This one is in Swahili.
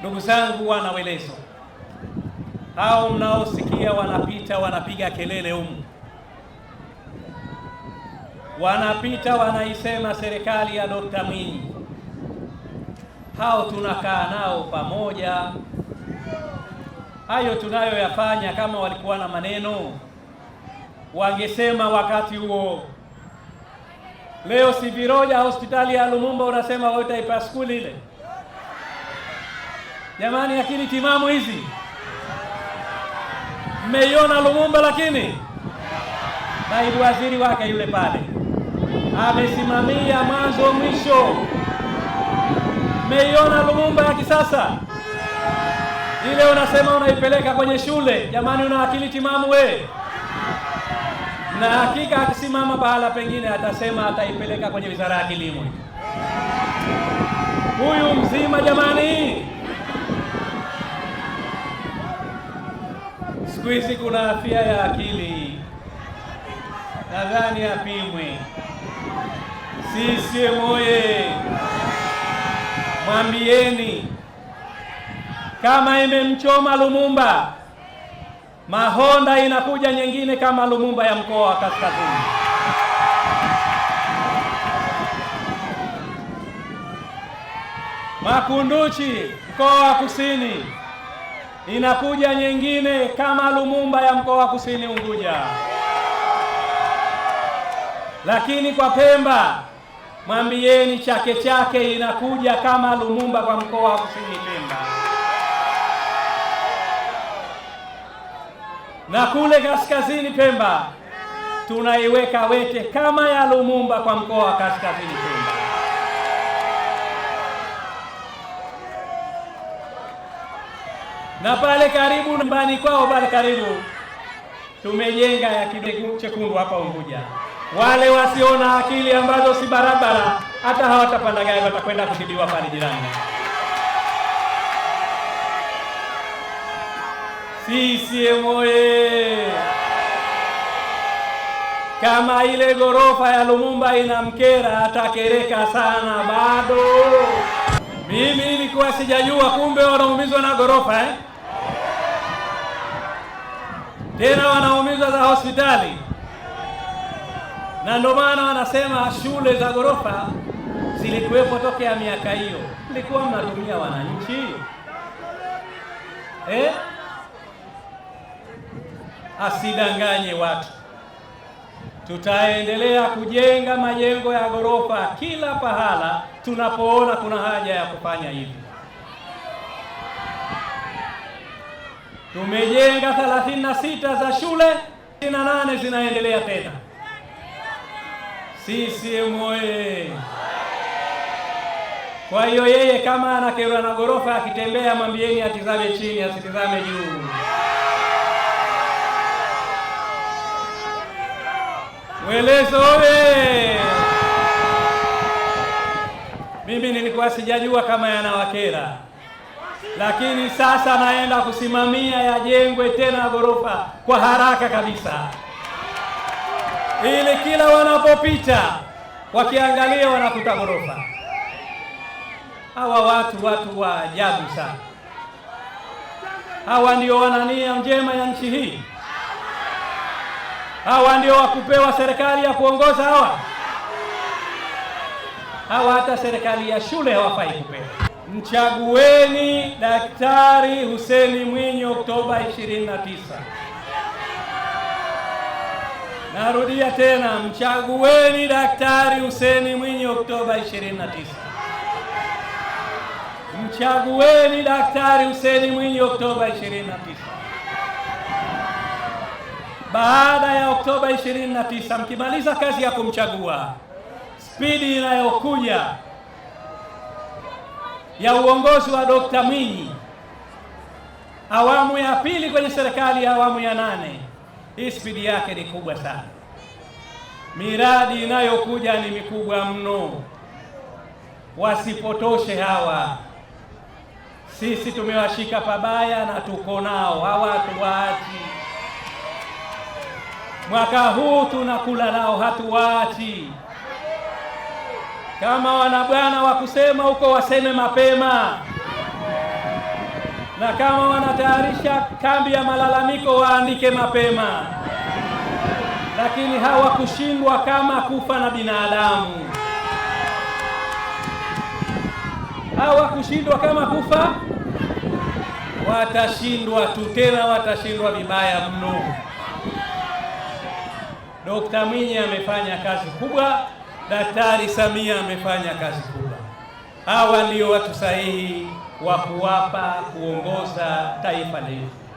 Ndugu zangu Welezo, hao mnaosikia wanapita wanapiga kelele humu, wanapita wanaisema serikali ya Dokta Mwinyi, hao tunakaa nao pamoja. Hayo tunayoyafanya, kama walikuwa na maneno wangesema wakati huo. Leo Siviroja hospitali ya Lumumba unasema utaipa skuli ile Jamani, lakini timamu hizi mmeiona Lumumba, lakini naibu waziri wake yule pale amesimamia mwanzo mwisho. Mmeiona Lumumba ya kisasa ile, unasema unaipeleka kwenye shule. Jamani, una akili timamu we, na hakika akisimama pahala pengine atasema ataipeleka kwenye wizara ya kilimo. Huyu mzima jamani. siku hizi kuna afya ya akili, nadhani apimwe. Sisi moye, mwambieni kama imemchoma Lumumba, Mahonda inakuja nyingine kama Lumumba ya mkoa wa Kaskazini. Makunduchi mkoa wa Kusini inakuja nyingine kama Lumumba ya mkoa wa Kusini Unguja. Lakini kwa Pemba mwambieni Chake Chake inakuja kama Lumumba kwa mkoa wa Kusini Pemba. Na kule Kaskazini Pemba tunaiweka Wete kama ya Lumumba kwa mkoa wa Kaskazini Pemba. na pale karibu nyumbani kwao pale karibu tumejenga ya kidogo Chekundu hapa Unguja. Wale wasiona akili ambazo si barabara hata hawatapanda gari, watakwenda kutibiwa pale jirani. CCM oye! Kama ile ghorofa ya Lumumba inamkera atakereka sana bado. Mimi nilikuwa sijajua kumbe wanaumizwa na ghorofa eh? tena wanaumizwa za hospitali, na ndio maana wanasema shule za ghorofa zilikuwepo tokea miaka hiyo, mlikuwa mnatumia wananchi eh? Asidanganye watu, tutaendelea kujenga majengo ya ghorofa kila pahala tunapoona kuna haja ya kufanya hivi. Tumejenga 36 na sita za shule, sitini na nane zinaendelea tena. CCM oye! Kwa hiyo yeye kama anakerwa na ghorofa akitembea, mwambieni atizame chini, asitizame juu. Welezo oye! Mimi nilikuwa sijajua kama yanawakera lakini sasa naenda kusimamia yajengwe tena ghorofa kwa haraka kabisa, ili kila wanapopita wakiangalia wanakuta ghorofa. Hawa watu watu wa ajabu sana. Hawa ndio wanania njema ya nchi hii. Hawa ndio wakupewa serikali ya kuongoza hawa. Hawa hata serikali ya shule hawafai kupewa. Mchagueni Daktari huseni Mwinyi Oktoba 29. Narudia tena, mchagueni Daktari Huseni Mwinyi Oktoba 29. Mchagueni Daktari huseni Mwinyi Oktoba 29. Baada ya Oktoba 29, mkimaliza kazi ya kumchagua, spidi inayokuja ya uongozi wa Dr. Mwinyi awamu ya pili kwenye serikali ya awamu ya nane, hii spidi yake ni kubwa sana. Miradi inayokuja ni mikubwa mno, wasipotoshe hawa. Sisi tumewashika pabaya na tuko nao hawa, Mwaka huu tunakula nao, hatuwaachi. Kama wanabwana wa kusema huko waseme mapema, na kama wanatayarisha kambi ya malalamiko waandike mapema, lakini hawakushindwa kama kufa na binadamu, hawakushindwa kama kufa, watashindwa tu, tena watashindwa vibaya mno. Dokta Mwinyi amefanya kazi kubwa. Daktari Samia amefanya kazi kubwa. Hawa ndio watu sahihi wa kuwapa kuongoza taifa letu.